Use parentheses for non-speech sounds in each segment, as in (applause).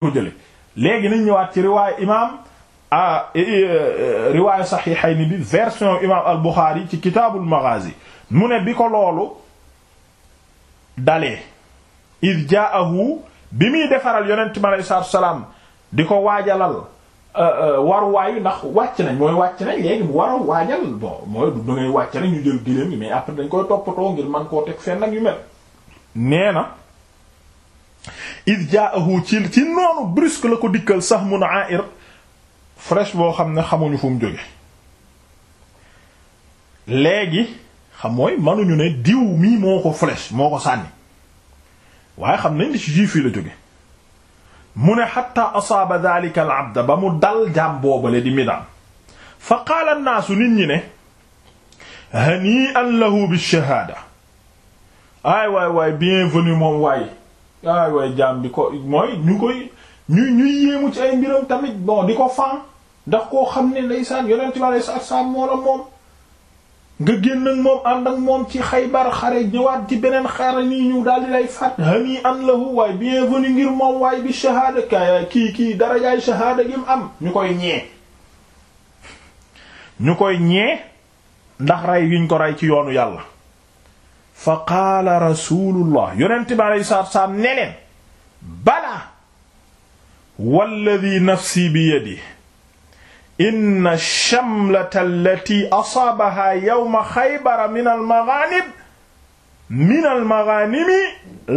ko jële léegi nañ ñëwaat ci riwaayu imaam a e, e, riwaayu saxiixayni bi version imaam al Buxaari ci kitaabul Maghaazi mu ne bi ko loolu dalee iz jaahu bi muy defaral yonent mi alayhi salaatu salaam di ko waajalal e, waruwaayu ndax wàcc nañ mooy wàcc nañ léegi mu war a waajal bon mooy du ngay wàcc nañ ñu jël gëléem yi mais après dañ koy toppatoo ngir man koo teg fenn ak yu mel nee na id jaahu ci ci noonu brusque la ko dikkal sax mun air fraîche boo xam ne xamuñu fu mu jóge léegi xam mooy mënuñu ne diw mii moo ko flèche moo ko sànni waaye xam nañ ni ci juif yi la jóge mu ne xatta asaaba dalika al abda ba mu dal jaam boobale di midaan fa qaala annaasu nit ñi ne hanii an lahu bi shahaada aay waay waay bienvenue moom waaye ay way jaam bi ko mooy ñu koy ñuy ñuy yéemu ci ay mbiram tamit bon di ko fan ndax koo xam ne ndeysaan yonent bi alayhi salaatu salaam la moom nga génn moom ànd ak moom ci Xaybar xare ñëwaat ci beneen xare nii ñu daal di lay fat hani an lahu waaye bienvenu ngir moom waaye bi shahaada ka kii kii darajaay shahaada gi am ñu koy ñee ñu koy ñee ndax rey yuñ ko rey ci yoonu yàlla fa qaala rasulullah yonente bi aleyhi salaatu salaam ne leen balaa walladi nafsi biyadihi inna shamlata allati asaabahaa yawma xaybara min almaghaanib min almaghaanimi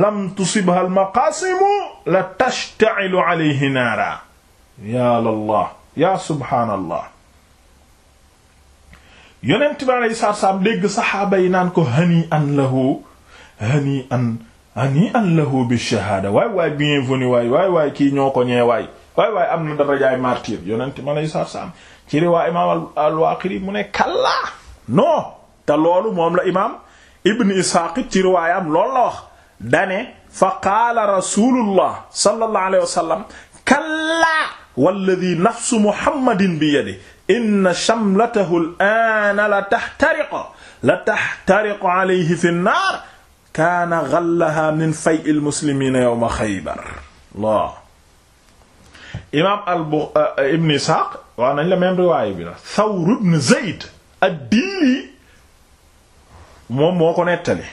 lam tusibha almaqaasimu la tashta'ilu alayhi naara yaa Allah yaa subhaanallah yonent bi alayhi salaatu salaam dégg saxaaba yi naan ko hani an lahu hani an hani an lahu bi shahaada waay waay bienvenue waay waay waay kii ñoo ko ñee waay waay waay am na darajaay martyr yonent bi alayhi salaatu salaam ci riwaa imaam al-Waaqidi mu ne kallaa non te loolu moom la imaam Ibn Isxaaq ci riwaayam loolu la wax dane fa qaala rasuulullah sallallahu alayhi wa sallam kallaa wallazii nafsu muhammadin bi yadihi inna shamlatahu al-aana la tahtariqu la tahtariqu alayhi fi an-naar kaana ghallahaa min fay'i al-muslimiina yawma Xaybar Allah imaam al-Buxaari euh, ibn Isxaaq wax nañ la même riwaaya bi la Thawr ibn Zayd ad-Diili moom moo ko nettali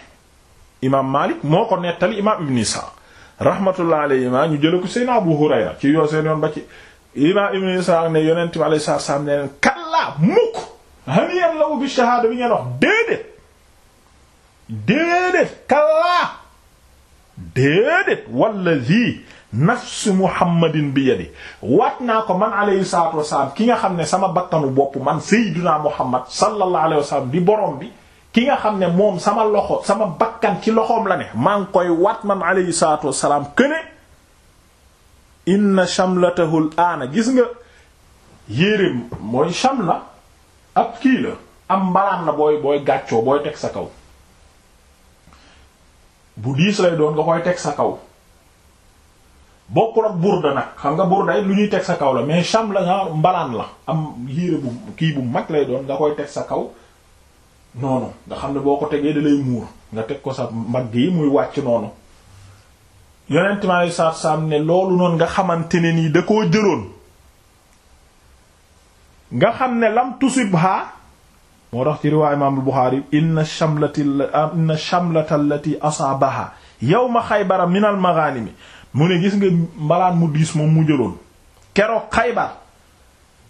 imaam Maalik moo ko nettali imaam ibn Isxaaq rahmatullahi alayhi ñu jële ko Seydina Abu Hurayra ci yoo seen yoon ba ci imaam ibn Isaaq ne yonent bi alayhi salaatu salaam ne leen kallaa mukk haniyan lahu bi shahaada bi ngeen wax déedéet déedéet kallaa déedéet wallazii nafsu muhammadin bi yadi waat naa ko man alayhi salaatu wasalaam ki nga xam ne sama bakkanu bopp man sayyiduna muhammad sallallahu alayhi wasallam di borom bi ki nga xam ne moom sama loxo sama bakkan ci loxoom la ne maa ngi koy waat man alayhi salaatu salaam këne inna shamlatahul aana gis nga yéreem mooy shamla ab kii la am mbalaan la booy booy gàccoo booy teg sa kaw bu diis lay doon nga koy teg sa kaw bokkul ak burda nag xam nga burda it lu ñuy teg sa kaw la mais shamla nga mbalaan la am yére bu kii bu mag lay doon nga koy teg sa kaw noonu nga xam ne boo ko tegee da lay muur nga teg ko sa mbagg yi muy wàcc noonu yonent mi aleyhi salaatu ne loolu noonu nga xamante ne nii da koo jëloon nga xam ne lam tusibha moo tax ci riwaay imaam al-Buxaari inna shamlati inna yawma xaybara min al-maghanimi mu ne gis nga mbalaan mu diis moom mu jëloon keroog xaybar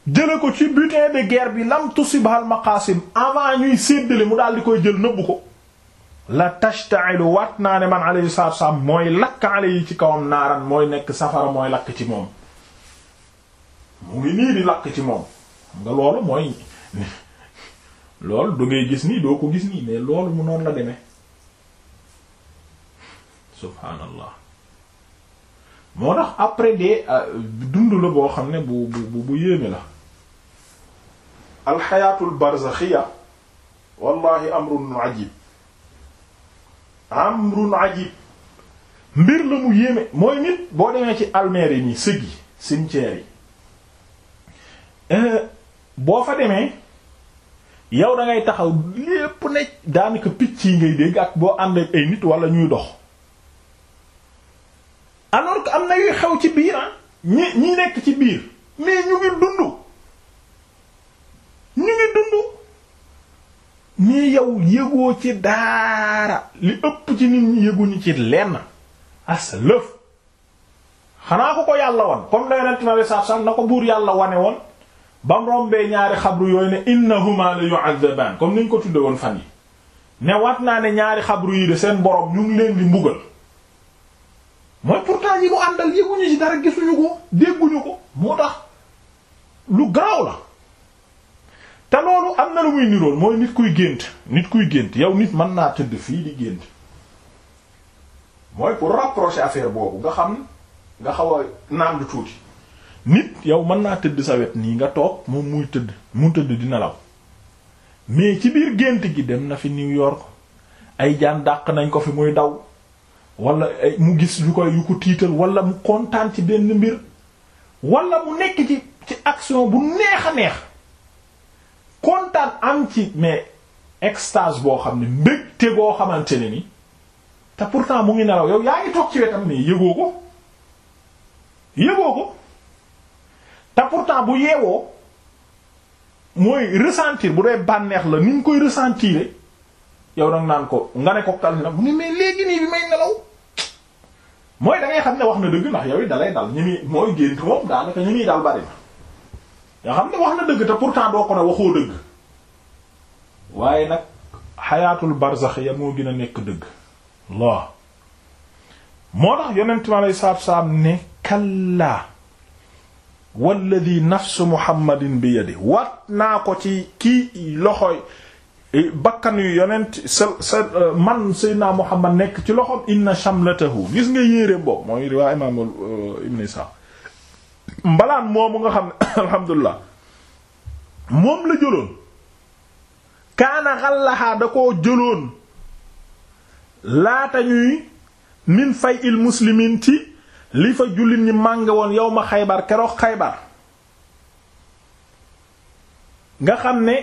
jële ko ci butin de guerre bi lam tusibha al-maqasim avant ñuy séddale mu daal di koy jël nëbbu ko la tashta'ilu waat naa ne man alayhi salaatu wassalaam mooy lakk alayhi ci kawam naaran mooy nekk safara mooy lakk ci moom mu ngi nii di lakk ci moom nga loolu mooy (laughs) loolu du ngay gis nii doo ko gis nii mais loolu mu noonu la demee subhaanallah moo tax après de euh, dund la boo xam ne bu bu bu yéeme la alxayaatul barzaxiya wallahi amrun ajib amrun ajib mbir la mu yéeme mooy nit boo demee ci almeer yi nii sëg yi cimetière yi euh, boo fa demee yow da taxaw lépp nekk daanaka picc yi ngay dégg ak boo ànd ak ay nit wala ñuy dox alors que am na yuy xew ci biir ah, ñi ñi nekk ci biir mais ñu ngi dund ñu ngi dund mais yow yégoo ci daara li ëpp ci nit ñi yëguñu ci lenn as lëf xanaa ko ko yàlla wan comme na yonent na sax sax na ko buur yàlla wane woon bam rombee ñaari xabru yooyu ne innahuma la yu'adzaban comme niñ ko tudde woon fan yi ne wat naa ne ñaari xabru yi de seen borom ñu ngi leen di mbugal mooy pourtant yi mu àndal yëguñu ci dara gisuñu ko dégguñu ko moo tax lu garaaw la te loolu am na lu muy nirool mooy nit kuy gént nit kuy gént yow nit mën naa tëdd fii di gént mooy pour rapprocher affaire boobu nga xam nga xaw a naan tuuti nit yow mën naa tëdd sawet nii nga toog moom muy tëdd mu tëdd di nelaw mais ci biir gént gi dem na fi New York ay jaan dàq nañ ko fi muy daw wala e, mu gis yu koy yu ko tiital wala mu kontaan ci benn mbir wala mu nekk ci ci action bu neex neex kontaan am ci mais extase boo xam ne mbégte boo xamante ne ni te pourtant mu ngi nelaw yow yaa ngi toog ci wetam nii yëgoo ko yëgoo ko te pourtant bu yeewoo mooy ressentir bu dee bànneex la ni koy ressentir yow nag naan ko nga ne ko kal na mu ne mais léegi nii bi may nelaw mooy da ngay xam ne wax na dëgg ndax yow it da lay dal ñu ni mooy gént moom daanaka ñu ni dal bari na nga xam ne wax na dëgg te pourtant doo ko ne waxoo dëgg waaye nag xayaatul barzax ya moo gën a nekk dëgg Allah moo tax yonent mi alei salatuasalaam ne kallaa walladi bi yadi wat naa ko ci kii loxoy eh, bakkan yu yonent sa sa eh, man sayyidina muhammad nekk ci loxom inna shamlatahu gis nga yére boobu mooy riwaa imaam eh, ibn Isa mbalaan moomu nga xam ne (coughs) alhamdulilah moom la jëloon kaana xallaxaa da koo jëloon laata ñuy min fay il muslimin ci li fa jullit ñi mànge woon yow ma xaybar keroog xaybar nga xam ne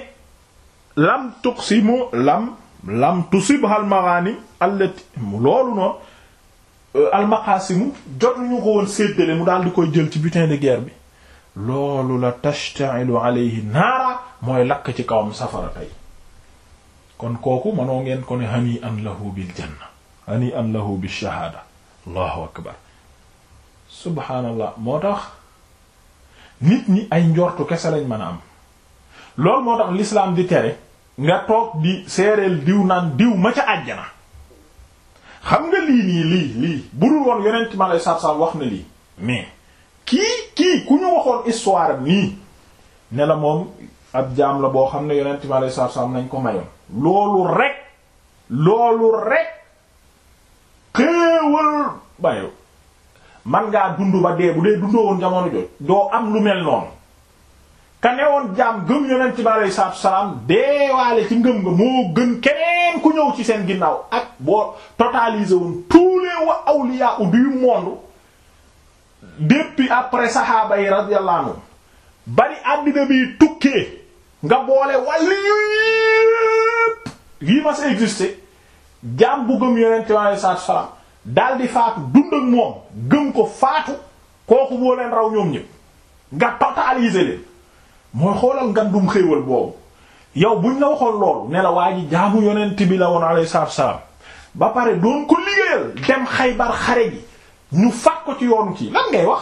lam tuqsimu lam lam tusibhal maghani allati loolu noonu Euh, almaqaasimu jotuñu ko woon séddale mu daal di koy jël ci butin de guerre bi loolu la tashta'ilu alayhi naara mooy lakk ci kawam safara tey kon kooku mënoo ngeen ko ne hani an lahu bil janna hani an lahu bil shahaada allahu akbar subhaanallah moo tax nit ñi ay njortu kese lañ mën a am loolu moo tax l'islam di tere nga toog di seereel diw naan diw ma ca àjjana xam nga lii nii lii lii budul woon yonent ma lay saabsaab wax na lii mais kii kii ku ñu waxoon histoire nii ne la moom ab jaam la boo xam ne yonent ma lay saabsaab nañ ko mayoon. loolu rek loolu rek xéewal man ngaa dund ba dee bu dee dundoo woon jamono jooju doo am lu mel noonu. te newoon jaam gëm yonent bi aleyhi salaatu salaam deewaale ci ngëm nga moo gën keneen ku ñëw ci seen ginnaaw ak boo totalisé woon tous les wa awliya du monde depuis après saxaaba yi radiyallahu bari àddina bi tukkee nga boole wàllu yëpp yi mas a existé jaam bu gëm yonent bi aleyhi salaatu salaam daal faatu dund ak moom gëm ko faatu kooku boo leen raw ñoom ñëpp nga totalisé leen. mooy xoolal ngandum xéewal boobu yow buñ la waxoon loolu ne la waa ji jaamu yonent bi la woon alayhi salaatu salaam ba pare doon ko liggéeyal dem Xaybar xare ji ñu fat ko ci yoonu kii lan ngay wax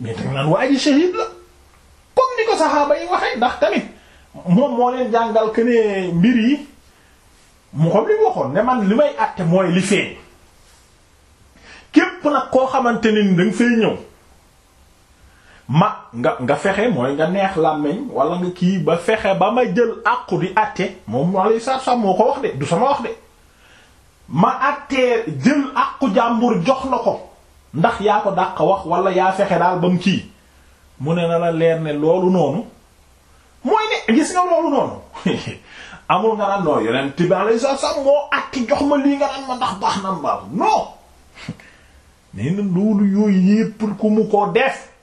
mais danga naan waa la ko saxaaba yi waxee ndax tamit moom moo leen jàngal que mbir yi mu xam li waxoon ne man li may àtte mooy li feeñ képp nag koo xamante ne ni danga fay ñëw ma nga nga fexe mooy nga neex làmmeñ wala nga kii ba fexe ba ma jël àqu di àtte moom wala sa moo ko wax de du sama wax de ma àttee jël àqu jàmbur jox na ko ndax yaa ko dàq wax wala yaa fexe daal ba mu kii mu ne na la leer ne loolu noonu mooy ne gis nga loolu noonu (laughs) amul nga naan noo yonent bi alayhi salaam moo àtte jox ma lii nga naan ma ndax baax na mbaaw non (laughs) nee yooyu yépp ku mu ko def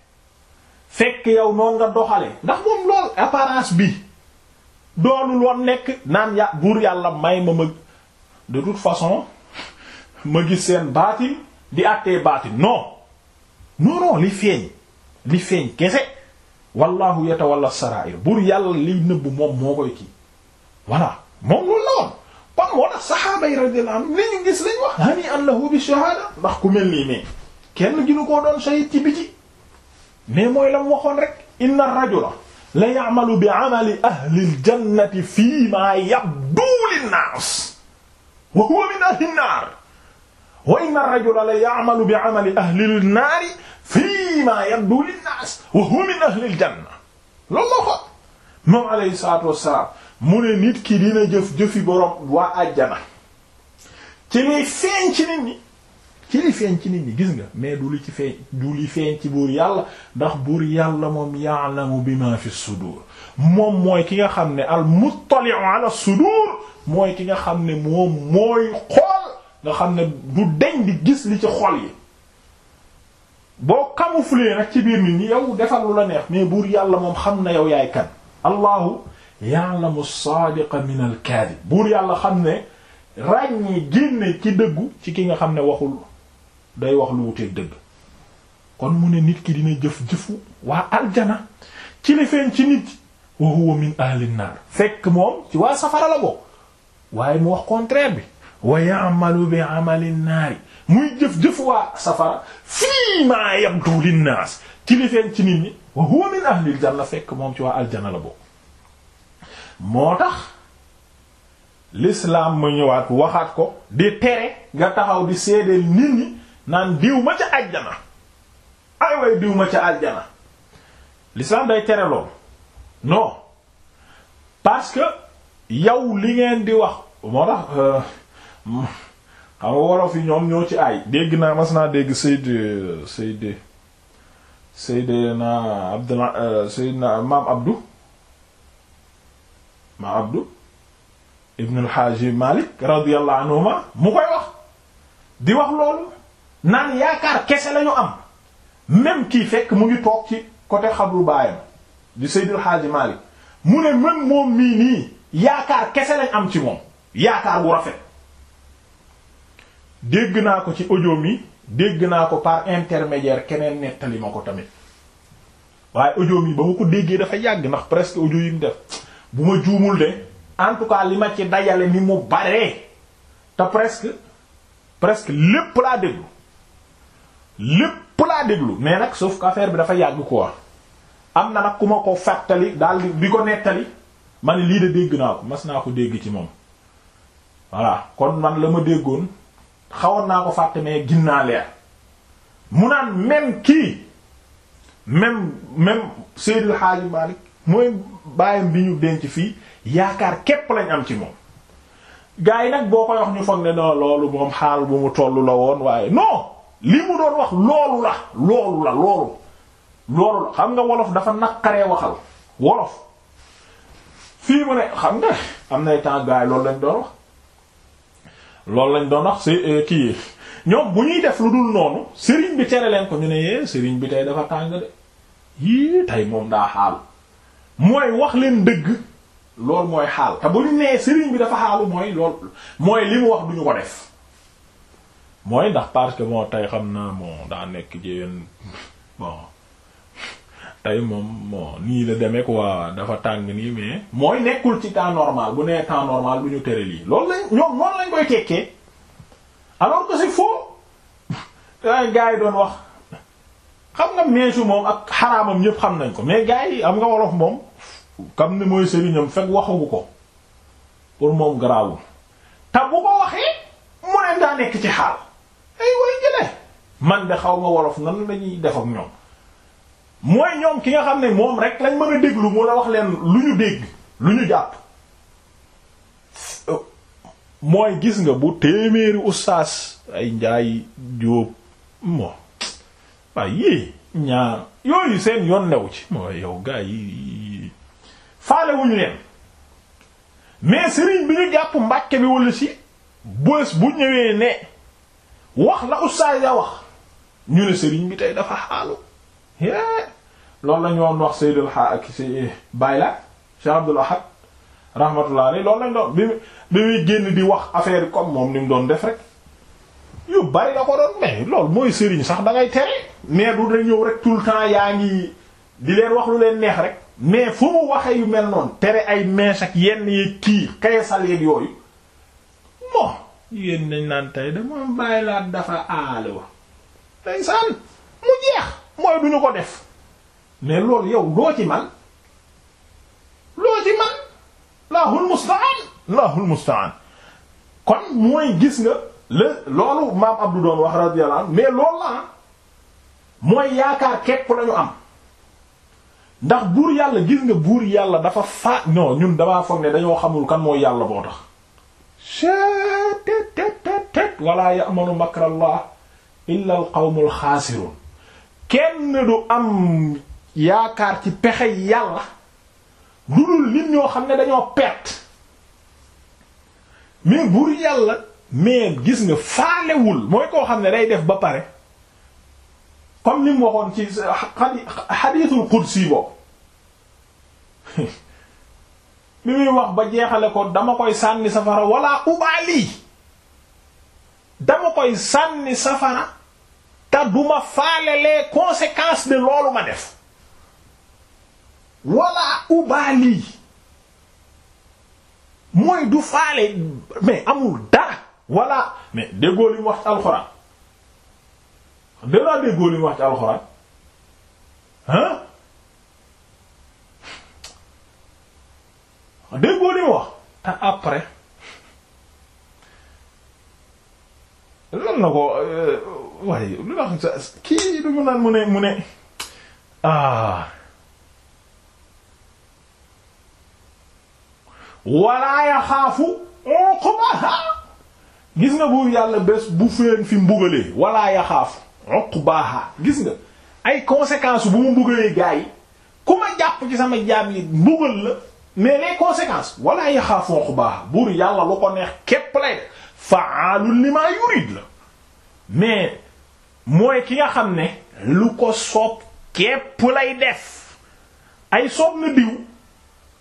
fekk yow noonu nga doxale ndax moom lool apparence bi doonul woon nekk naan ya buur yàlla may ma ma de toute façon ma gis seen baatin di àttee baatin non non li feeñ li feeñ kese wallahu yatawalla sarair buur yàlla liy nëbb moom moo koy kii voilà moom loolu la woon kon moo tax saxaaba yi radiyallahu anhum li ñu gis wax hani an lahu bi shahada ndax ku mel nii mais kenn ginu koo doon shahid ci biti mais mooy la mu waxoon rek inna rajula la ya'malu bi 'amali ahli al-jannati fii ma yabdu lin-nas wa huwa min ahli an-nar wa inna rajula la ya'malu bi 'amali ahli an-nar fii ma yabdu lin-nas wa huwa min ahli al-janna loolu moo ko moom alayhi salaatu wassalaam mu ne nit ki dina jëf jëfi borom waa àjjana ci liy feeñ ci nit ñi ci li feeñ ci nit ñi gis nga mais du li ci feeñ du li feeñ ci buur yàlla ndax buur yàlla moom ya bima fi sudur moom mooy ki nga xam ne al muttali'u ala mooy ki nga xam ne moom mooy xool nga xam ne du deñ gis li ci xol yi boo camoufler ci biir nit ñi la neex mais buur yàlla moom xam na yow yaay kan allahu ya'lamu as min al buur yàlla xam ne ràññee génne ci dëggu ci ki nga xam ne waxul day wax lu wuteeg dëgg kon mu ne nit ki dina jëf jëfu waa aljana ci li feeñ ci nit wa huwa min ahlin naar fekk moom ci waa safara la bokk waaye mu wax contraire bi wa ya'malu bi amalin naari muy jëf jëf waa safara fii maa yabdu linnaas ci ci nit ñi wa huwa min ahlil janna fekk moom ci waa aljana la bokk moo tax l'islam mu ñëwaat waxaat ko di tere nga taxaw di seedeel nit ñi naan diw ma ca àjjana ay way diw ma ca àjjana l'islam day tere lool non parce que yow li ngeen di wax moo tax euh, xam nga wolof yi ñoom ñoo ci ay dégg naa mas naa dégg Seyd euh, Seyd Seydina Abdullah euh, Seydina maam Abdou maam Abdou ibn al Malik radiyallahu anhuma mu koy wax di wax loolu naan yaakaar kese lañu am même kii fekk mu ngi toog ci côté xabru baayam di Seydil Hadji Malick mu ne mën moom mii nii yaakaar kese lañ am ci moom yaakaar wu rafet dégg naa ko ci audio mi dégg naa ko par intermédiaire keneen nettali ma ko tamit waaye audio mi ba ma ko déggee dafa yàgg ndax presque audio yi mu def bu ma juumul de en tout cas li ma ci dajale ni mu baree te presque presque lépp laa déglu lépp laa déglu mais nag sauf que affaire bi dafa yàgg ko wax am na nag ku ma ko fàttali daal di ko nettali ma ne lii de dégg naa ko mas naa ko dégg ci moom voilà kon man la ma déggoon xawoon naa ko fàtte mais ginnaa leer mu naan même kii même même Seydil Hadji Malick mooy bàyyam bi ñu denc fii yaakaar képp lañ am ci moom gars nag boo ko yox ñu foog ne non loolu moom xaal bu mu tollu la woon waaye non li mu doon wax loolu la loolu la loolu la xam nga wolof dafa naqaree waxal wolof fii mu ne xam nga am nay temps gars yi loolu lañ doon wax loolu lañ doon wax si euh, kii ñoom bu ñuy def lu dul noonu sëriñ bi tere ko ñu ne eh, sëriñ bi tey dafa tàng de yii tey moom daa xaalu mooy wax leen dëgg loolu mooy xaal te bu ñu nee sëriñ bi dafa xaalu mooy lool mooy li mu wax duñu ko def mooy ndax parce que moo tey xam naa bon daa nekk bon tey moom bon nii la demee quoi dafa tàng nii mais mooy nekkul ci temps normal bu nee temps normal bu ñu tere lii loolu lañ ñoom noonu lañ koy tekkee alors que c'est faux (laughs) ay yi doon wax xam nga meesu moom ak xaraamam ñëpp xam nañ ko mais gars yi am nga wolof moom kam ne mooy sëriñam fekk waxagu ko pour moom garaawul te bu ko waxee mu ne daa nekk ci xaal man de xaw nga wolof nan la ñuy def ak ñoom mooy ñoom ki nga xam ne moom rek lañ mën a déglu mu la wax leen lu ñu dégg lu ñu jàpp mooy gis nga bu téeméeri ustaas ay njaay jóob mo waaye yii ñaar yooyu seen yoon new ci mooy yow gaa yi faale wuñu leen mais sëriñ bi ñu jàpp mbàkke bi wala si bës bu ñëwee ne wax la ustaas ya wax ñu ne sëriñ bi tey dafa xaalu loolu la ñu doon wax Seydou ak si Bayla Cheikh Abdul Ahad rahmatullah alayhi loolu lañ doon bi muy génn di wax affaire comme moom ni mu doon def rek yu bari la ko doon mais loolu mooy sëriñ sax dangay ngay tere mais du da ñëw rek tout le temps yaa ngi di leen wax lu leen neex rek mais fu mu waxee yu mel noonu tere ay mèche ak yenn yi kii xeesal yeeg yooyu bon yéen nañ naan tey dama Bayla dafa aale wa ndeysaan mu jeex mooy duñu ko def mais loolu yow loo ci man loo ci man lahul musta'an lahul musta'an kon mooy gis nga le loolu maam Abdou doon wax radiyallahu anhu mais loolu ah. mooy yaakaar képp lañu am ndax buur yàlla gis nga buur yàlla dafa faa non ñun damaa foog ne dañoo xamul kan mooy yàlla boo tax. tet tet tet wala ya'manu makrallah illa al qawmul xaasirun kenn du am yaakaar ci pexe yàlla lu dul nit ñoo xam ne dañoo perte mais buur yàlla mais gis nga faalewul mooy koo xam ne day def ba pare comme ni mu waxoon ci xadiisul qudsi boobu (laughs) bi muy wax ba jeexale ko dama koy sànni safara wala ubaali dama koy sànni safara te duma faale les conséquences de loolu ma def wala ubaali mooy du faale mais amul dara wala mais déggoo li mu wax ci alxuraan danaa déggoo li mu wax alxuraan hein déggoo li mu wax te lan na ko euh, waaye lu tax kii lu mu naan mu ne mu ne ah wala yaxaafu uqbaha gis nga buur yàlla bés bu feen fi mbugalee wala yaxaafu uqbaha gis nga ay conséquence bu mu mbugalee gaa yi ku ma jàpp ci sama jaam yi mbugal la mais les conséquences wala yaxaafu uqbaha buur yàlla lu ko neex képp lay fa'aalun limaa yurid la mais mooy ki nga xam ne lu ko soob képp lay def ay soob na diw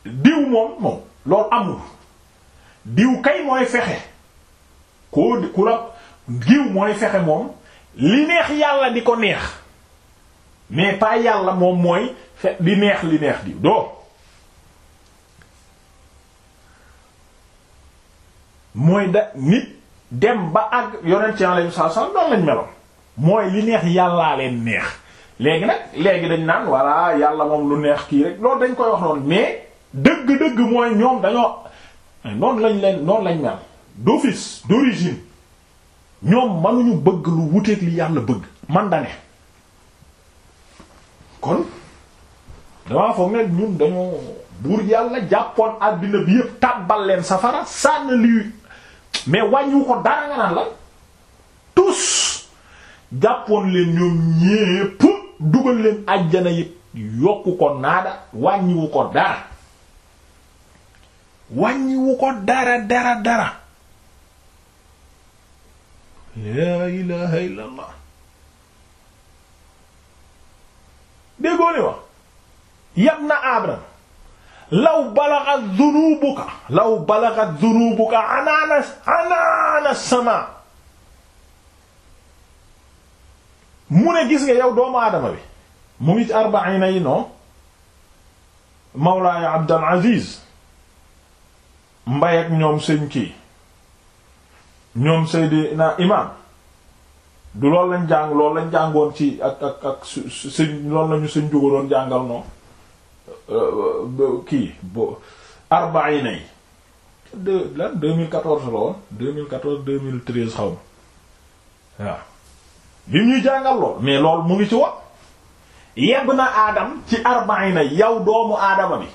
diw moom moom loolu amul diw kay mooy fexe koo ku la diw mooy fexe moom li neex yàlla di ko neex mais pas yàlla moom mooy fe di neex li neex diw doo mooy da nit dem ba àgg yonent ci alayhi salaam noonu lañ meloon mooy li neex yàllaa leen neex léegi nag léegi nañ naan voilà yàlla moom lu neex kii rek loolu dañ koy wax noonu mais dëgg-dëgg mooy ñoom dañoo noonu lañ leen noonu lañ mel d'office d'origine ñoom mënuñu bëgg lu wuteeg li yàlla bëgg man da kon damaa foog ne ñun dañoo buur yàlla jàppoon àddina bi yëpp tàbbal leen safara sànn lii mais wàññiwu ko dara nga naan la tous jàppoon leen ñoom ñépp dugal leen àjjana yi yokku ko naada wàññiwu ko dara wàññiwu ko dara dara dara laa ilaha illa déggoo ni wax yab na Abraham law balagat dunubuka law balagat dunubuka anaana anaana sama mu ne gis nga yow doomu aadama bi mu ngi ci arbaina yi non Mawlaaya Abdul Aziz mbay ak ñoom sëñ kii ñoom Seydina Imaam du loolu lañ jàng loolu lañ jàngoon ci ak ak su sëñ loolu lañu sëñ jóga doon jàngal noonu Euh, euh, euh, kii bo arbaina yi de lan 2014 la woon 2014 2013 xaw ma waaw bi ñuy jàngal lool mais loolu mu ngi ci wax yegg na aadam ci arbaina yow doomu aadama bi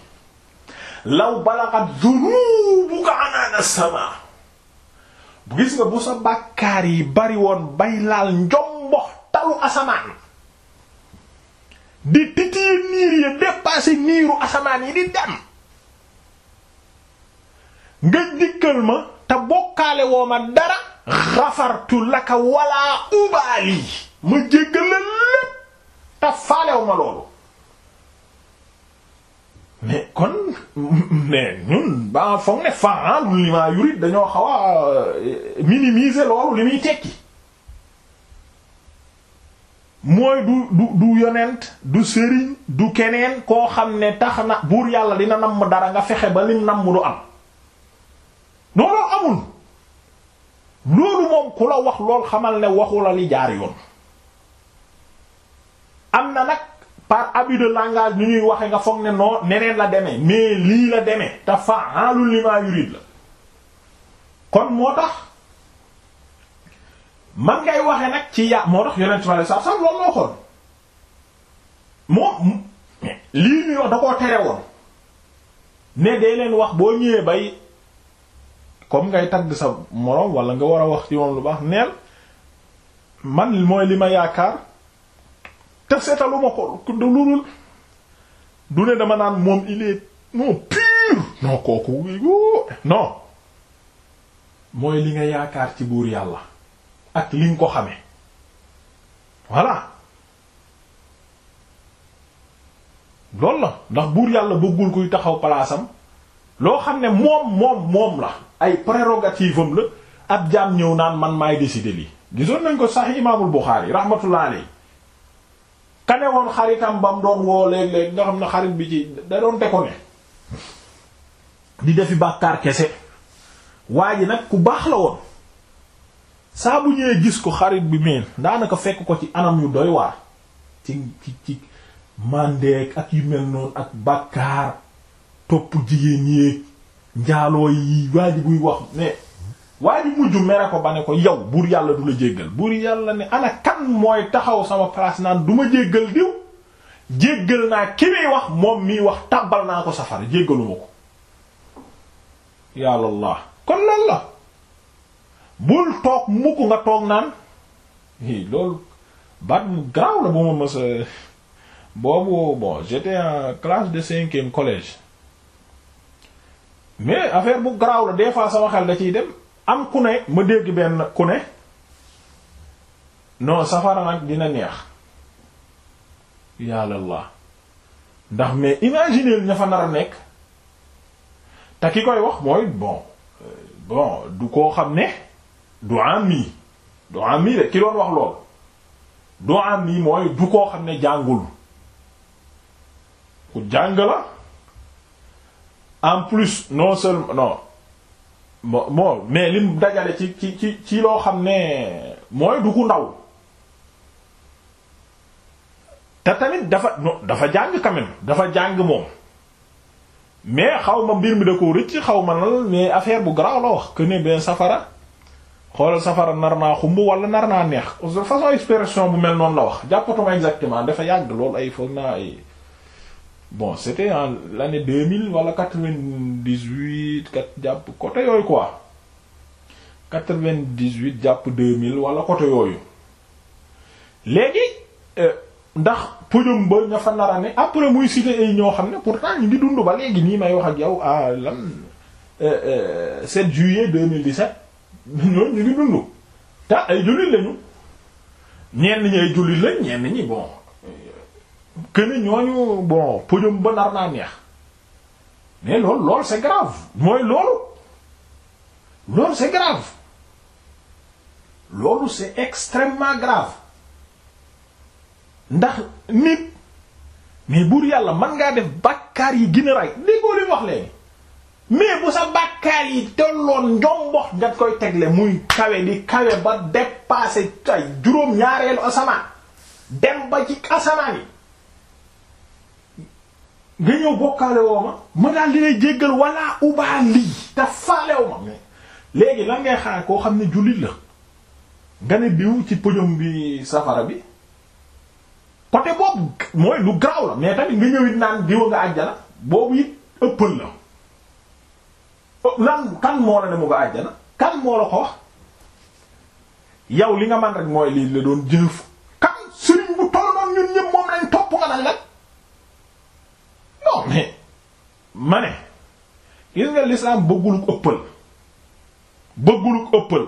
law balaxat zunubuka anaana sama gis nga bu sa bàkkaar yi bari woon bay laal njombox talu asamaan di titiir niir yi dépasser niiru asamaan yi di dem nga dikkal ma te bokkaale woo ma dara xafartu laka wala ubaali ma jéggal la lépp te faalew loolu mais kon mais ñun ba foog ne fa'alu lima yurid dañoo xaw a loolu li muy tekki mooy du du du yonent du sëriñ du keneen koo xam ne tax na buur yàlla dina namm dara nga fexe ba lim namm du am noonu amul loolu moom ku la wax lool xamal ne waxu la li jaar yoon am na nag par abus de langage ñuy waxe nga foog ne noo neneen la demee mais lii la demee te fa'alul lima yurid la kon moo tax man ngay waxee nag ci ya moo tax yonent bi sax sax loolu moo xool moom lii ñuy wax da koo tere woon ne dee leen wax boo ñëwee bay comme ngay tagg sa moroom wala nga war a wax ci moom lu baax neel man mooy li ma yaakaar te seetalu ko lu du ne dama naan moom il est non pur non kooku non mooy li nga yaakaar ci buur yàlla ak li nga ko xamee voilà loolu na ndax buur yàlla bëggul kuy taxaw palaasam loo xam ne moom moom moom la ay prérogative am la ab jaam ñëw naan man maay décider li gisoon nañ ko sax imaamul Buxaari rahmatullah alayhi kane woon xaritam ba mu doon woo léeg-léeg nga xam ne xarit bi ci da doon ko ne di defi bàkkaar kese waa ji nag ku baax la woon saa bu gis ko xarit bi meen daanaka fekk ko ci anam yu doy waar ci ci ci mandeek ak yu mel noonu ak bàkkaar topp jigéen yéeg njaaloo yi waa buy wax ne waa ji mere ko ba ne ko yow buur yàlla du la jéggal buur yàlla ne ana mooy taxaw sama palaas naan duma ma jéggal diw jéggal naa ki wax moom miy wax tàbbal naa ko safara jéggaluma ko yàlla kon lan la bul toog mukk nga toog naan baat mu garaaw la bu ma mës boobu bon j'étais en classe de cinquième collège mais affaire bu garaaw la des fois sama xel da ciy dem am ku ne ma dégg benn ku ne non safara nag dina neex yàlla la ndax mais imaginer ña fa nar a nekk te ki koy wax mooy bon euh, bon du koo xam ne. du am mi du am mi de ki doon wax lool du am mi mooy du koo xam ne jàngul ku jàng la en plus non seulement non moo mais lim dajale ci ci ci ci loo xam ne mooy du ku ndaw te tamit dafa non dafa jàng quand dafa jàng moom mais xaw ma mbir mi da ko rëcc xaw ma nal mais affaire bu garaaw la wax que benn safara xoolal safara nar naa xumb wala nar naa neex façon expression bu mel noonu la wax jàppatuma exactement dafa yàgg lool ay foog naa ay bon c'était en l'année deux mille wala quatre-vingt-dix-huit kat jàpp côté yooyu quoi quatre-vingt-dix-huit jàpp deux mille wala côté yooyu léegi euh, ndax pëjum ba ña fa nara ne après muy cité ay ñoo xam ne pourtant ñu ngi dund ba léegi nii may wax ak yow à ah, lan 7 euh, euh, juillet 2017 ñoom ñu ngi dund te ay jullit lañu ñenn ñi ay jullit lañ ñenn ñi bon këni ñooñu bon pëjum ba nar naa neex mais loolu loolu c'est grave mooy loolu loolu c'est grave loolu c'est extrêmement grave ndax nit mais buur yàlla mën ngaa def bàkkaar yi gën a rey déggoo li wax léegi mais bu sa bàkkaar yi tolloon njombox nga koy tegle muy kawe di kawe ba dépasser ay juróom ñaareelu asamaan dem ba ci asamaan yi nga ñëw bokkaale woo ma ma daal di jéggal walla ubaa lii te faalew ma mais léegi lan ngay xaar koo xam ne jullit la nga ne diw ci pëjom bi safara bi côté boobu mooy lu garaaw la mais tamit nga ñëwit naan diwa nga àjjana boobu it ëppal la lan kan moo la ne mu nga àjjana kan moo la ko yow li nga man rek mooy lii la doon jëf kan sëriñ bu tolloon ñun ñëpp moom lañ topp nga nag lan non ma ne gis lislaam bëgguluk ëppal bëgguluk ëppal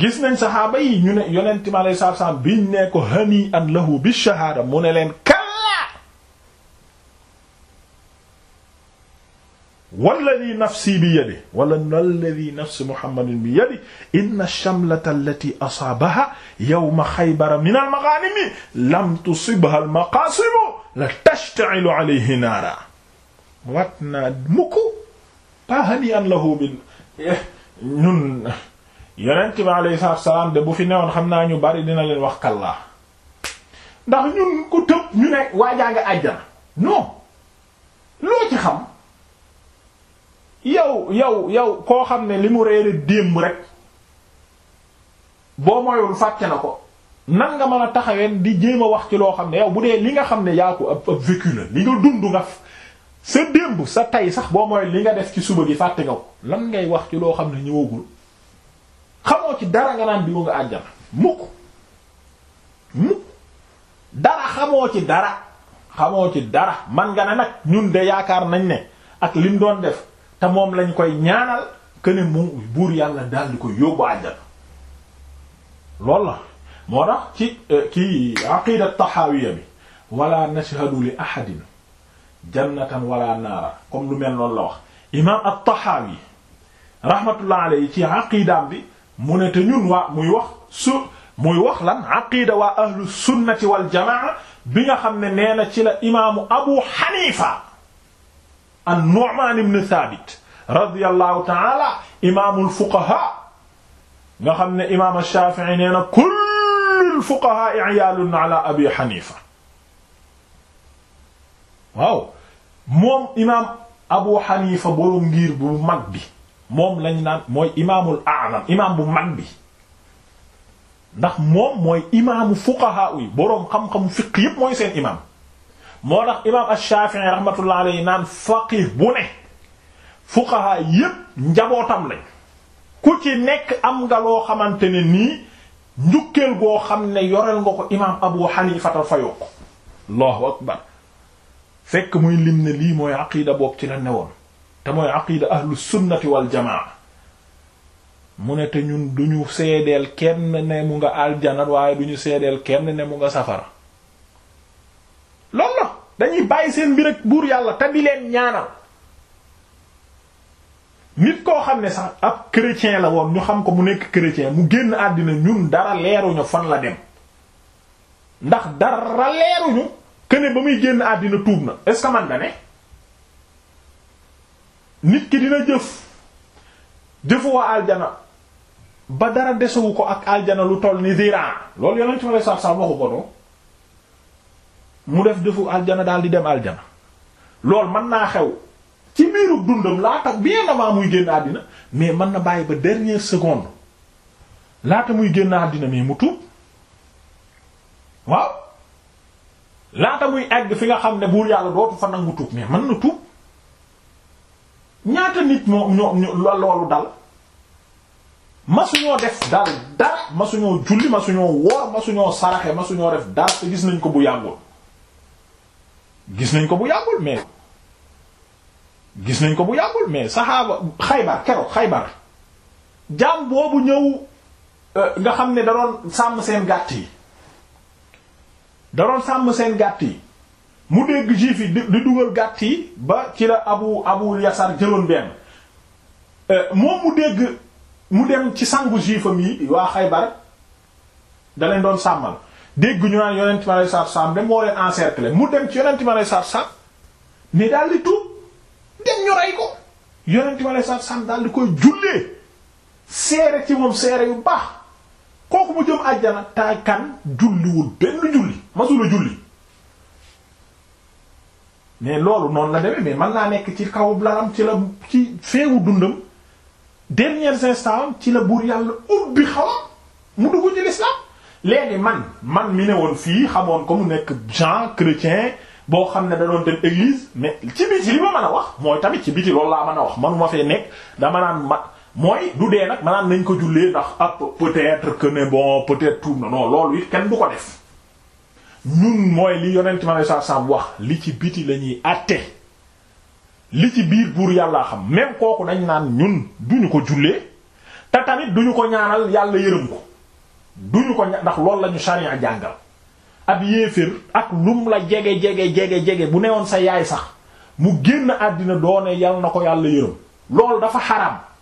gis nañ saxaaba yi ñu ne yonent mi alei satu biñ ne ko hani an lahu bi shahaada mu ne leen walladi nafsi bi yadi wala walladi nafsi muhammadin bi yadi inna shamlata allati asaabaha yawma xaybara min almaganimi lam tusibha almaqaasimu la tashtailu alayhi naara wat naa mukk pa hani an lahu bi ñun yonent bi alayhi salaatu salaam de bu fi newoon xam naa ñu bari dina leen wax kallaa ndax ñun ku tëb ñu ne waajaa nga àjjana non loo ci xam yow yow yow koo xam ne li mu reere démb rek boo moyul fàtte na ko nan nga mën a taxaween di jéem a wax ci loo xam ne yow bu dee li nga xam ne yaa ko ab ab vécu la dund nga sa démb sa tay sax boo moyul li nga def ci suba gi fàtte nga lan ngay wax ci loo xam ne ñëwagul xamoo ci dara nga bi mu nga àjjana mukk ci dara xamoo ci dara man nga ne nag ñun de yaakaar nañ ne ak lim doon def te moom lañ koy ñaanal que mu buur yàlla daal di ko yóbbu àjjana loolu la moo tax ci kii euh, aqida taxaawiya bi wala nashhadu li ahadin jannatan wala naara comme lu mel noonu la wax imam at-taxaawi rahmatullah alayhi ci aqidaam bi mu ne te ñun waa muy wax su muy wax lan aqida waa ahlu sunnati wal jamaa bi nga xam ne nee ci la imaamu abu xanifa an-Nu'man ibn Thabit radiyallahu ta'ala imaamul fuqaha nga xam ne imaam Shafi'i nee na kullul fuqaha iyaalun ala Abi Hanifa waaw moom imaam Abu Hanifa boroom ngir bu mag bi moom lañ naan mooy imaamul a'zam imaam bu mag bi ndax moom mooy imaamu fuqaha yi boroom xam-xamu fiqh yépp mooy seen imaam. moo tax imaam ash-Shafi'i rahmatullah alayhi naan faqih bu ne fuqaha yépp njabootam lañ ku ci nekk am nga loo xamante ne nii njukkeel goo xam ne yoreel nga ko imaam Abu Hanifa ta fa yokk allahu akbar fekk muy lim ne lii mooy aqida boobu ci la ne woon te mooy aqida ahlu sunnati wal mu ne te ñun duñu seedeel kenn ne mu nga aljanat waaye ñu seedeel kenn ne mu nga safara dañuy bàyyi seen mbir ak buur yàlla te di leen ñaanal nit koo xam ne sax ab chrétien la woon ñu xam ko mu nekk chrétien mu génn àddina ñun dara leeruñu fan la dem ndax dara leeruñu këne ba muy génn àddina tuub na est-ce man da ne nit ki dina jëf jëfu aljana ba dara desewu ko ak aljana lu toll ni ziraa loolu yonent ma lay sax sax waxu ko mu def jëfu aljana daal di dem aljana lool mën naa xew ci biiru dundam laata bien avant muy génn àddina mais mën na bàyyi ba dernière seconde laata muy génn àddina mais mu tuub waaw laata muy egg fi nga xam ne buur yàlla dootu fa nangu tuub mais man na tuub ñaata nit moo ñoo loolu dal masuñoo def daal dara masuñoo julli masuñoo woor masuñoo saraxe masuñoo def dara te gis nañ ko bu yàggul gis nañ ko bu yàggul mais gis nañ ko bu yàggul mais saxaaba xaybar keroog xaybar jaam boobu ñëw euh, nga xam ne da doon sàmm seen gàtt yi da doon sàmm seen gàtt yi mu dégg juif yi di dugal gàtt yi ba ci la abu abu yasar jëloon benn euh, moom mu dégg mu dem ci sangu juifam yi waa xaybar da leen doon sàmmal dégg ñu naan yonent ma lay saab saab dem moo leen encercler mu dem ci yonent ma lay saab saab ne daal di tuub dem ñu rey ko yonent ma lay saab saab daal koy jullee seere ci moom seere yu baax kooku mu jëm àjjana taakan julliwul benn julli masula julli mais loolu noonu la demee mais mën naa nekk ci kaw lalam ci la ci feewu dundam derniers instants ci la buur yàlla ubbi xawam mu dugg ci l'islam léegi man man mi ne woon fii xamoon ko mu nekk Jean chrétien boo xam ne da doon dem église mais ci biti li ma mën a wax mooy tamit ci biti loolu laa mën a wax manuma fee nekk dama naan mat mooy du dee nag maanaam nañ ko jullee ndax ak ah, peut-être bon peut-être tout non non loolu it kenn du ko def ñun mooy li yonent ma ne sarsam wax li ci biti la ñuy àtte li ci biir buur yàllaa xam même kooku dañ naan ñun duñu ko jullee te tamit duñu ko ñaanal yàlla yërëm ko duñu ko ndax loolu la ñu sharia jàngal ab yéefér ak lum la jege jege jege jege bu newoon sa yaay sax mu génn àddina doone yal na ko yàlla yërëm loolu dafa xaram